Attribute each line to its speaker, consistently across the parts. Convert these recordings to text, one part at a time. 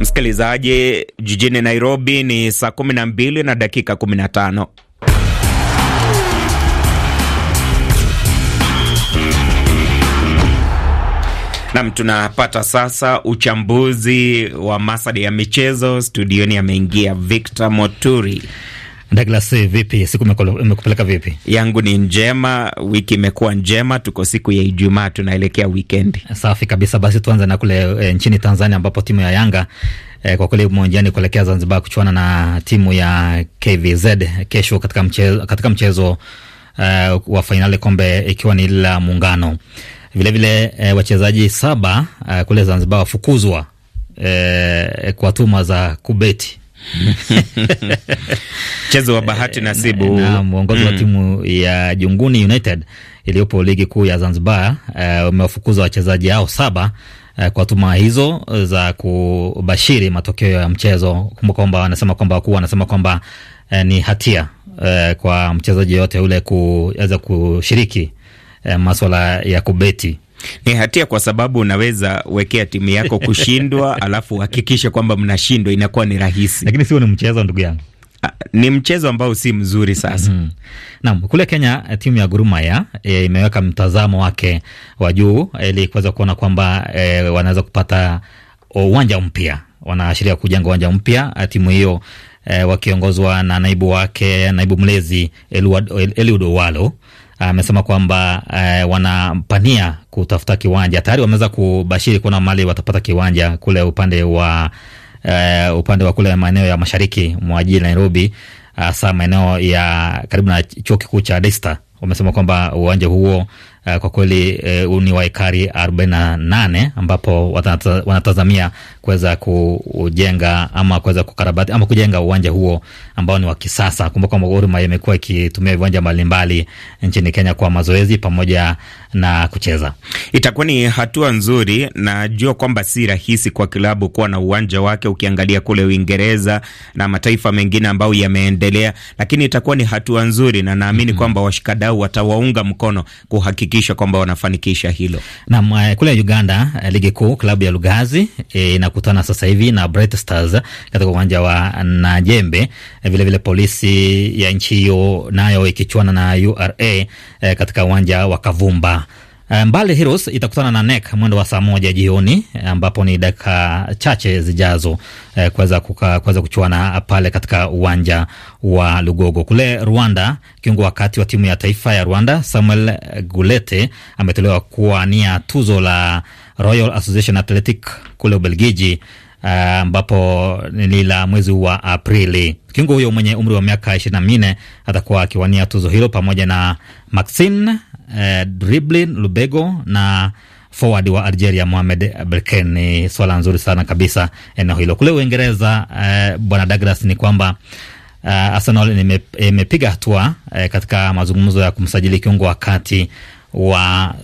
Speaker 1: Msikilizaji, jijini Nairobi ni saa 12 na dakika 15. Nam, tunapata sasa uchambuzi wa masada ya michezo. Studioni ameingia Victor Moturi. Douglas, eh, vipi siku imekupeleka vipi? Yangu ni njema, wiki imekuwa njema, tuko siku ya Ijumaa, tunaelekea wikendi.
Speaker 2: Safi kabisa. Basi tuanze na kule e, nchini Tanzania ambapo timu ya Yanga e, kwa kweli uwanjani kuelekea Zanzibar kuchuana na timu ya KVZ kesho katika mchezo, katika mchezo uh, wa fainali kombe ikiwa ni la muungano vilevile e, wachezaji saba uh, kule Zanzibar wafukuzwa e, kwa tuma za kubeti
Speaker 1: mchezo wa bahati nasibu eh, na mwongozi wa mm.
Speaker 2: timu ya Junguni United iliyopo ligi kuu ya Zanzibar wamewafukuza eh, uh, wachezaji hao saba uh, kwa tuma hizo za kubashiri matokeo ya mchezo. Kumbuka kwamba wanasema kwamba wakuu wanasema kwamba uh, ni hatia uh, kwa mchezaji yoyote ule kuweza kushiriki uh, maswala
Speaker 1: ya kubeti ni hatia kwa sababu unaweza wekea timu yako kushindwa, alafu uhakikishe kwamba mnashindwa, inakuwa ni rahisi, lakini sio ni mchezo, ndugu yangu ah, ni mchezo ambao si mzuri sasa. Mm -hmm. Naam, kule Kenya eh, timu ya Gor Mahia e, imeweka mtazamo
Speaker 2: wake wa juu eh, ili kuweza kuona kwamba e, wanaweza kupata oh, uwanja mpya, wanaashiria kujenga uwanja mpya ah, timu hiyo e, wakiongozwa na naibu wake naibu mlezi Eliud Owalo amesema kwamba eh, wanapania kutafuta kiwanja. Tayari wameweza kubashiri kuna mali watapata kiwanja kule upande wa Uh, upande wa kule maeneo ya mashariki mwa jiji Nairobi, hasa maeneo ya karibu na chuo kikuu cha Desta wamesema kwamba uwanja huo uh, kwa kweli uh, ni wa ekari 48 ambapo wanatazamia kuweza kujenga ama kuweza kukarabati ama kujenga uwanja huo ambao ni wa kisasa. Kumbuka Gor Mahia imekuwa ikitumia viwanja mbalimbali nchini Kenya kwa mazoezi pamoja
Speaker 1: na kucheza. Itakuwa ni hatua nzuri. Najua kwamba si rahisi kwa klabu kuwa na uwanja wake, ukiangalia kule Uingereza na mataifa mengine ambayo yameendelea, lakini itakuwa ni hatua nzuri na naamini mm -hmm. kwamba washikadau wadau watawaunga mkono kuhakikisha kwamba wanafanikisha hilo.
Speaker 2: Naam, eh, kule Uganda eh, ligi kuu klabu ya Lugazi eh, inakutana e, sasa hivi na Bright Stars katika uwanja wa Najembe. Vilevile vile polisi ya nchi hiyo nayo ikichuana na URA e, katika uwanja wa Kavumba. Eh, Mbale Heroes itakutana na NEC mwendo wa saa moja jioni eh, ambapo ni dakika chache zijazo eh, kuweza kuweza kuchuana pale katika uwanja wa Lugogo kule Rwanda. Kiungo wakati wa timu ya taifa ya Rwanda Samuel Gulete ametolewa kuwania tuzo la Royal Association Athletic kule Ubelgiji Ah, ambapo ni la mwezi wa Aprili. Kiungo huyo mwenye umri wa miaka ishirini na minne atakuwa akiwania tuzo hilo pamoja na Maxine uh, Driblin Lubego na forward wa Algeria Mohamed Berken. Ni swala nzuri sana kabisa eneo hilo. Kule Uingereza uh, bwana Douglas, ni kwamba Uh, Arsenal imepiga ime hatua uh, katika mazungumzo ya kumsajili kiungo wa kati wa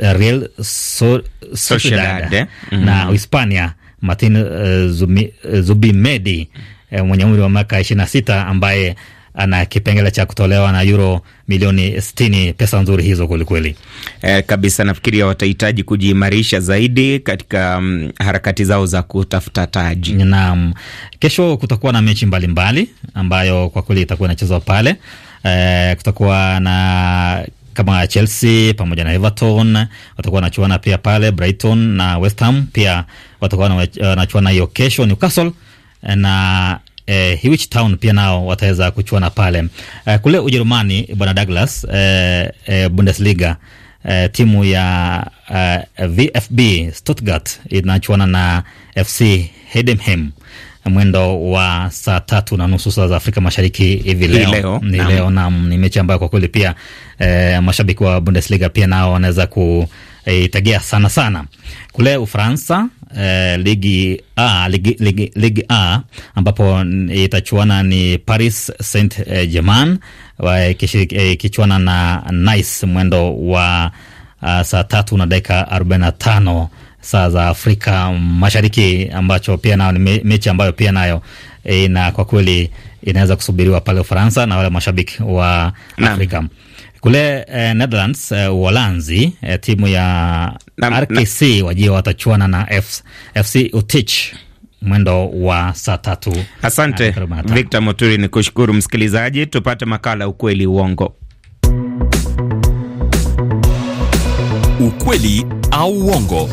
Speaker 2: Real so, Sociedad na Uhispania mm-hmm. Martin uh, Zubimedi uh, mwenye umri wa miaka ishirini na sita ambaye
Speaker 1: ana kipengele cha kutolewa na euro milioni sitini. Pesa nzuri hizo kwelikweli, eh, kabisa. Nafikiri watahitaji kujiimarisha zaidi katika um, harakati zao za kutafuta taji. Naam, kesho kutakuwa na mechi mbalimbali mbali, ambayo kwa kweli itakuwa
Speaker 2: inachezwa pale. Eh, kutakuwa na kama Chelsea pamoja na Everton watakuwa wanachuana pia pale, Brighton na West Ham pia watakuwa wanachuana eh, hiyo kesho Newcastle na eh, Hewish Town pia nao wataweza kuchuana pale. Eh, kule Ujerumani, bwana Douglas, eh, eh, Bundesliga eh, timu ya eh, VfB Stuttgart inachuana na FC Heidenheim mwendo wa saa tatu na nusu saa za Afrika Mashariki hivi leo. leo Ni leo nam, ni mechi ambayo kwa kweli pia eh, mashabiki wa Bundesliga pia nao wanaweza kuitagia eh, sana sana. Kule Ufaransa eh, ligi A, ligi, ligi, ligi A ambapo itachuana ni Paris Saint Germain eh, ikichuana eh, na Nice mwendo wa uh, saa tatu na dakika 45 saa za Afrika Mashariki, ambacho pia nayo ni mechi ambayo pia nayo e, na kwa kweli inaweza kusubiriwa pale Ufaransa na wale mashabiki wa Afrika na. Kule eh, Netherlands eh, Uholanzi eh, timu ya na, RKC wajia watachuana na F, FC utich
Speaker 1: mwendo wa saa tatu. Asante Victor Moturi, ni kushukuru msikilizaji. Tupate makala ukweli uongo, ukweli au uongo.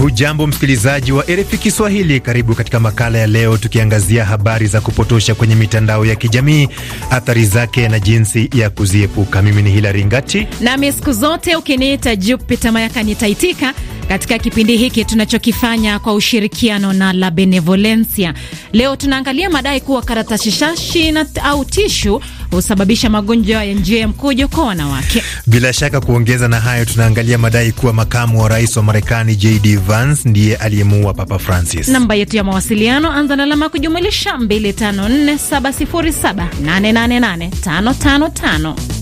Speaker 1: Hujambo
Speaker 3: msikilizaji wa RFI Kiswahili, karibu katika makala ya leo, tukiangazia habari za kupotosha kwenye mitandao ya kijamii, athari zake na jinsi ya kuziepuka. Mimi ni Hilari Ngati
Speaker 4: nami siku zote ukiniita Jupita Mayaka nitaitika katika kipindi hiki tunachokifanya kwa ushirikiano na La Benevolencia. Leo tunaangalia madai kuwa karatasi shashi au tishu husababisha magonjwa ya njia ya mkojo kwa wanawake.
Speaker 3: Bila shaka, kuongeza na hayo, tunaangalia madai kuwa makamu wa rais wa Marekani JD Vance ndiye aliyemuua Papa Francis.
Speaker 4: Namba yetu ya mawasiliano anza na alama kujumulisha 254707888555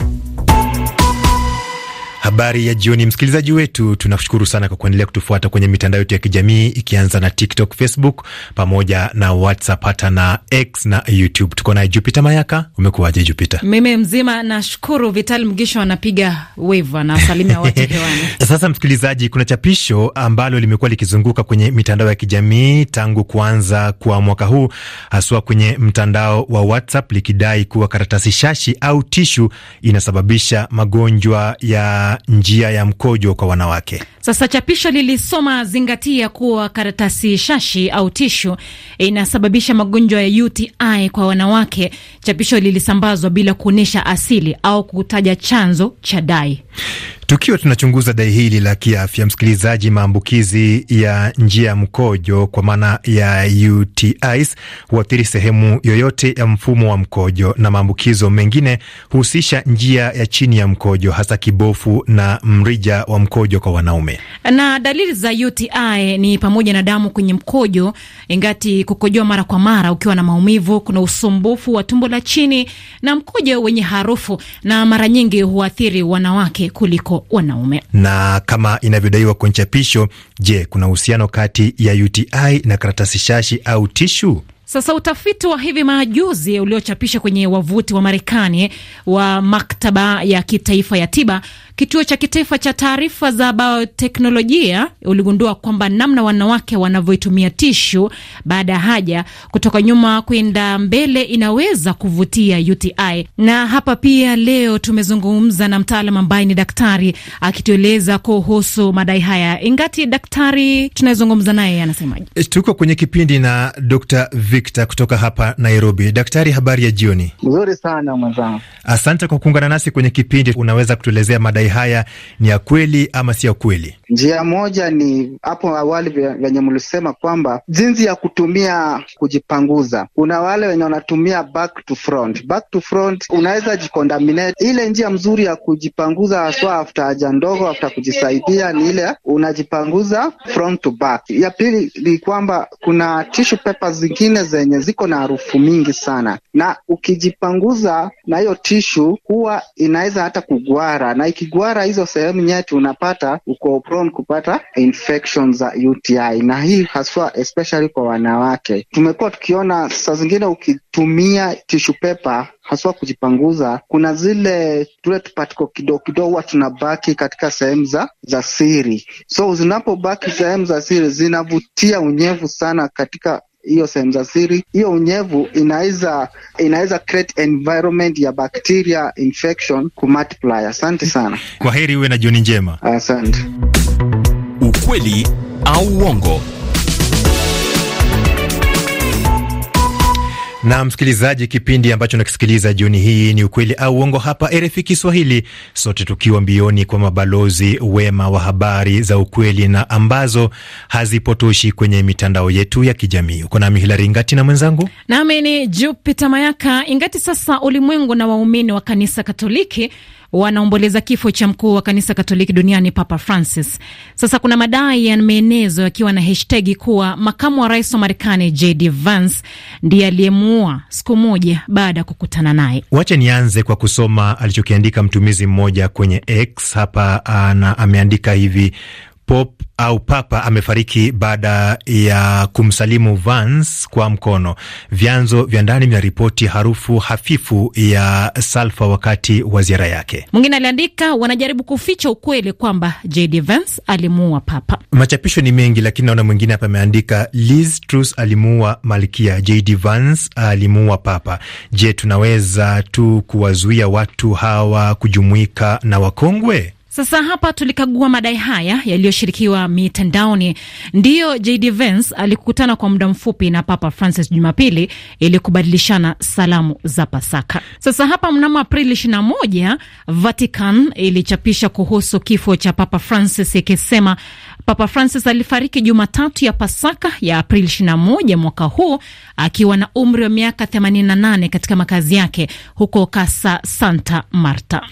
Speaker 3: Habari ya jioni, msikilizaji wetu, tunashukuru sana kwa kuendelea kutufuata kwenye mitandao yetu ya kijamii ikianza na TikTok, Facebook pamoja na WhatsApp hata na X na YouTube. Tuko naye Jupita Mayaka. Umekuwaje Jupita?
Speaker 4: Mimi mzima, nashukuru. Vital Mgisho anapiga wave, anawasalimia wote hewani.
Speaker 3: Sasa msikilizaji, kuna chapisho ambalo limekuwa likizunguka kwenye mitandao ya kijamii tangu kuanza kwa mwaka huu, haswa kwenye mtandao wa WhatsApp likidai kuwa karatasi shashi au tishu inasababisha magonjwa ya njia ya mkojo kwa wanawake?
Speaker 4: Sasa chapisho lilisoma zingatia kuwa karatasi shashi au tishu inasababisha magonjwa ya UTI kwa wanawake. Chapisho lilisambazwa bila kuonyesha asili au kutaja chanzo cha dai.
Speaker 3: Tukiwa tunachunguza dai hili la kiafya, msikilizaji, maambukizi ya njia ya mkojo kwa maana ya UTIs huathiri sehemu yoyote ya mfumo wa mkojo, na maambukizo mengine huhusisha njia ya chini ya mkojo, hasa kibofu na mrija wa mkojo kwa wanaume
Speaker 4: haya. Na dalili za UTI ni pamoja na damu kwenye mkojo, ingati kukojoa mara kwa mara ukiwa na maumivu, kuna usumbufu wa tumbo la chini na mkojo wenye harufu, na mara nyingi huathiri wanawake kuliko wanaume.
Speaker 3: Na kama inavyodaiwa kwenye chapisho, je, kuna uhusiano kati ya UTI na karatasi shashi au tishu?
Speaker 4: Sasa utafiti wa hivi majuzi uliochapisha kwenye wavuti wa Marekani wa maktaba ya kitaifa ya tiba, kituo cha kitaifa cha taarifa za bioteknolojia, uligundua kwamba namna wanawake wanavyoitumia tishu baada ya haja kutoka nyuma kwenda mbele inaweza kuvutia UTI. Na hapa pia leo tumezungumza na mtaalam ambaye ni daktari akitueleza kuhusu madai haya. Ingati daktari tunayezungumza naye
Speaker 5: anasemaje?
Speaker 3: Tuko kwenye kipindi na Dr. V Victor kutoka hapa Nairobi. Daktari, habari ya jioni.
Speaker 5: Nzuri sana mwenzangu,
Speaker 3: asante kwa kuungana nasi kwenye kipindi. Unaweza kutuelezea madai haya ni ya kweli ama si ya kweli?
Speaker 5: Njia moja ni hapo awali venye mlisema kwamba jinsi ya kutumia kujipanguza, kuna wale wenye wanatumia back to front. Back to front unaweza jikondaminate. Ile njia mzuri ya kujipanguza haswa afta haja ndogo, afta kujisaidia ni ile unajipanguza front to back. Ya pili ni kwamba kuna tissue zingine zenye ziko na harufu mingi sana, na ukijipanguza na hiyo tishu huwa inaweza hata kugwara, na ikigwara hizo sehemu nyeti, unapata uko prone kupata infection za UTI, na hii haswa especially kwa wanawake. Tumekuwa tukiona saa zingine ukitumia tishu pepa haswa kujipanguza, kuna zile tule tupatiko kidogo kidogo huwa tunabaki katika sehemu za za siri, so zinapobaki sehemu za siri zinavutia unyevu sana katika hiyo sehemu za siri. Hiyo unyevu inaweza inaweza create environment ya bacteria infection multiply. Asante sana, kwa
Speaker 3: heri, uwe na jioni njema. Asante. Ukweli au uongo Na msikilizaji, kipindi ambacho nakisikiliza jioni hii ni ukweli au uongo, hapa RFI Kiswahili, sote tukiwa mbioni kwa mabalozi wema wa habari za ukweli na ambazo hazipotoshi kwenye mitandao yetu ya kijamii. Uko nami Hilari Ngati na mwenzangu
Speaker 4: nami ni Jupita Mayaka Ingati. Sasa ulimwengu na waumini wa kanisa Katoliki wanaomboleza kifo cha mkuu wa kanisa Katoliki duniani Papa Francis. Sasa kuna madai yameenezwa yakiwa na hashtagi kuwa makamu wa rais wa Marekani JD Vance ndiye aliyemuua siku moja baada ya kukutana naye.
Speaker 3: Wacha nianze kwa kusoma alichokiandika mtumizi mmoja kwenye X hapa, na ameandika hivi: Pop au Papa amefariki baada ya kumsalimu Vance kwa mkono. Vyanzo vya ndani vinaripoti harufu hafifu ya salfa wakati wa ziara yake.
Speaker 4: Mwingine aliandika, wanajaribu kuficha ukweli kwamba JD Vance alimuua Papa.
Speaker 3: Machapisho ni mengi, lakini naona mwingine hapa ameandika, Liz Truss alimuua malkia, JD Vance alimuua Papa. Je, tunaweza tu kuwazuia watu hawa kujumuika na wakongwe?
Speaker 4: Sasa hapa tulikagua madai haya yaliyoshirikiwa mitandaoni. Ndiyo, JD Vance alikutana kwa muda mfupi na Papa Francis Jumapili ili kubadilishana salamu za Pasaka. Sasa hapa, mnamo Aprili 21 Vatican ilichapisha kuhusu kifo cha Papa Francis ikisema Papa Francis alifariki Jumatatu ya Pasaka ya Aprili 21 mwaka huu akiwa na umri wa miaka 88 katika makazi yake huko Casa Santa Marta,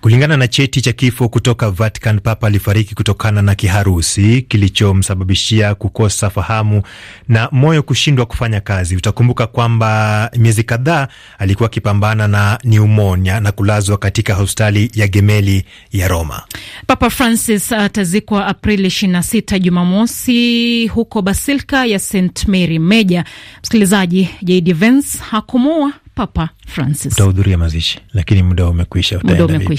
Speaker 3: kulingana na cheti cha kifo kutoka Vatican, Papa alifariki kutokana na kiharusi kilichomsababishia kukosa fahamu na moyo kushindwa kufanya kazi. Utakumbuka kwamba miezi kadhaa alikuwa akipambana na pneumonia na kulazwa katika hospitali ya Gemelli ya Roma.
Speaker 4: Papa Francis atazikwa Aprili 26 Jumamosi huko Basilika ya St Mary Meja. Msikilizaji, JD Vance hakumua Papa Francis.
Speaker 3: Utahudhuria mazishi, lakini muda umekwisha. Utaenda vipi?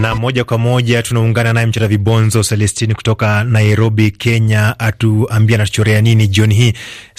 Speaker 3: na moja kwa moja tunaungana naye mchora vibonzo Celestin kutoka Nairobi, Kenya, atuambia anachorea nini jioni hii.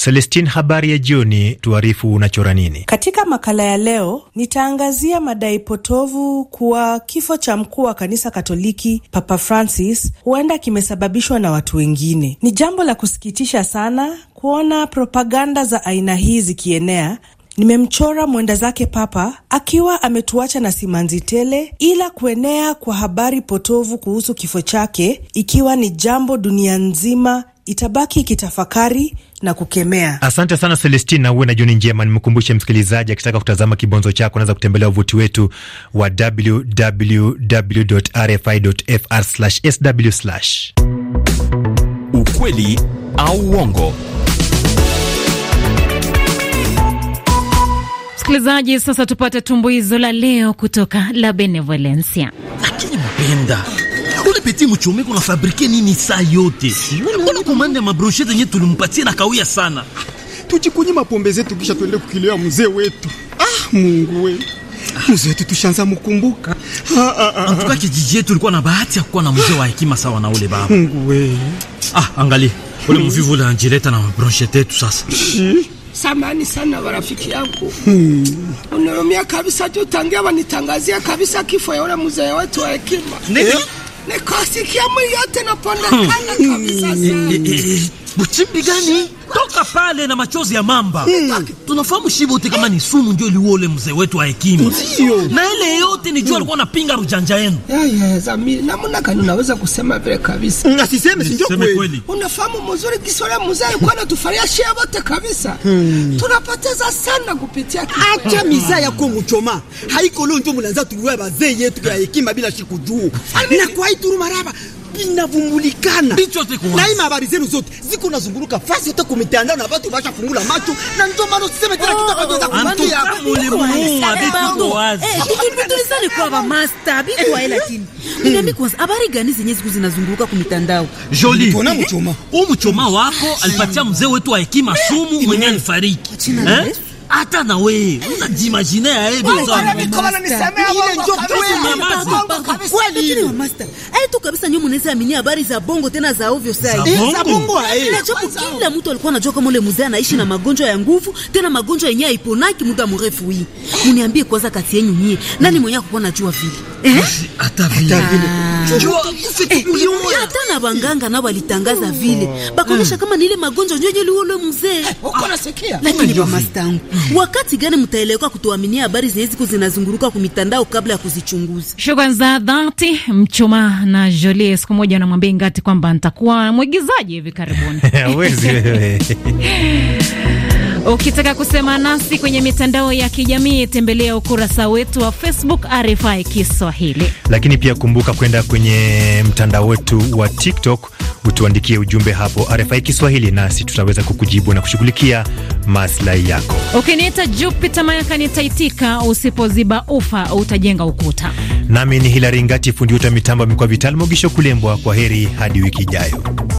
Speaker 3: Celestin, habari ya jioni, tuarifu unachora nini?
Speaker 4: Katika makala ya leo nitaangazia madai potovu kuwa kifo cha mkuu wa kanisa Katoliki Papa Francis huenda kimesababishwa na watu wengine. Ni jambo la kusikitisha sana kuona propaganda za aina hii zikienea Nimemchora mwenda zake papa akiwa ametuacha na simanzi tele, ila kuenea kwa habari potovu kuhusu kifo chake ikiwa ni jambo dunia nzima itabaki ikitafakari na kukemea.
Speaker 3: Asante sana Celestina, uwe na jioni njema. Nimkumbushe msikilizaji akitaka kutazama kibonzo chako anaweza kutembelea wavuti wetu wa www.rfi.fr/sw.
Speaker 1: Ukweli au uongo
Speaker 4: Msikilizaji, sasa tupate tumbuizo la leo kutoka la Benevolencia. Lakini
Speaker 1: mpenda ule peti mchomeko na fabrike nini saa yote? Kuna komande ya mabroshe zenye tulimpatia na kawia sana.
Speaker 4: Tujikunywe mapombe zetu
Speaker 3: kisha tuende kukilia mzee wetu. Ah, Mungu we Mzee wetu tushanza mkumbuka.
Speaker 1: Ah, Antuka ah, ah, ah. kijiji yetu tulikuwa na bahati ya kuwa na mzee wa hekima sawa na ule baba. Mungu we. Ah, angalia. Ule mvivu ule anjileta na mabronchete yetu sasa. Samani sana warafiki yangu hmm. Unarumia kabisa juu tangia wanitangazia kabisa kifo ya ule mzee wetu wa hekima,
Speaker 5: nikasikia mwili yote napondekana hmm. kabisa sana hmm.
Speaker 1: Uchimbi gani? Toka pale na machozi ya mamba. Hmm. Tunafahamu shiba wote kama ni sumu ndio iliua ule mzee wetu wa hekima. Ndio. Na ile yote ni jua hmm. alikuwa hmm, anapinga rujanja yenu. Yeah, yeah, zami. Na mbona kani unaweza kusema vile kabisa? Na hmm, siseme si ndio kweli.
Speaker 4: Unafahamu mzuri Kiswahili mzee alikuwa
Speaker 1: anatufaria shia wote kabisa. Hmm. Tunapoteza sana kupitia Kiswahili. Acha hmm. mizaa ya kumuchoma. Haiko leo ndio mnaanza tuwe bazee yetu ya hekima bila shikujuu. Na kwa hii turumaraba vinavumilikana na hii habari zenu zote ziko nazunguruka fasi yote kumitandao na watu washafungula macho, na ndio maana usiseme kila kitu kitaweza kumwambia hapo. Mulimu habitu
Speaker 4: kwa master habitu eh. waela kini hmm. Niambi kwanza, habari gani zenye siku zinazunguruka kumitandao? Joli, tuona mchoma
Speaker 1: huu mchoma wako alipatia mzee wetu wa hekima sumu eh. mwenye alifariki eh hata na wewe unajimagine ile ndio
Speaker 4: tu kabisa, nyinyi mnaweza amini habari za bongo tena za ovyo sasa. Kila mtu alikuwa anajua kama ule mzee anaishi na magonjwa ya nguvu, tena magonjwa yenyewe haiponaki muda mrefu. Hii mniambie kwanza, kati yenu nyie nani mwenye akukua najua vile eh, hata vile hata eh, eh, eh, na wanganga nao walitangaza oh. vile bakonesha hmm. kama ni magonjwa ndio mzee. Ah, lakini kwa mastangu, hmm. wakati gani mtaeleweka kutuaminia habari zenye ziko zinazunguruka kumitandao kabla ya kuzichunguza? Shukrani za dhati mchuma na Jolie, siku moja namwambia Ngati kwamba nitakuwa mwigizaji hivi karibuni. Ukitaka kusema nasi kwenye mitandao ya kijamii, tembelea ukurasa wetu wa Facebook RFI Kiswahili,
Speaker 3: lakini pia kumbuka kwenda kwenye mtandao wetu wa TikTok utuandikie ujumbe hapo RFI Kiswahili, nasi tutaweza kukujibu na kushughulikia maslahi yako.
Speaker 4: Ukiniita okay, Jupita Mayaka nitaitika. Usipoziba ufa utajenga ukuta.
Speaker 5: Nami ni Hilari Ngati, fundi wetu mitambo amekuwa Vital Mogisho Kulembwa. Kwa heri hadi wiki ijayo.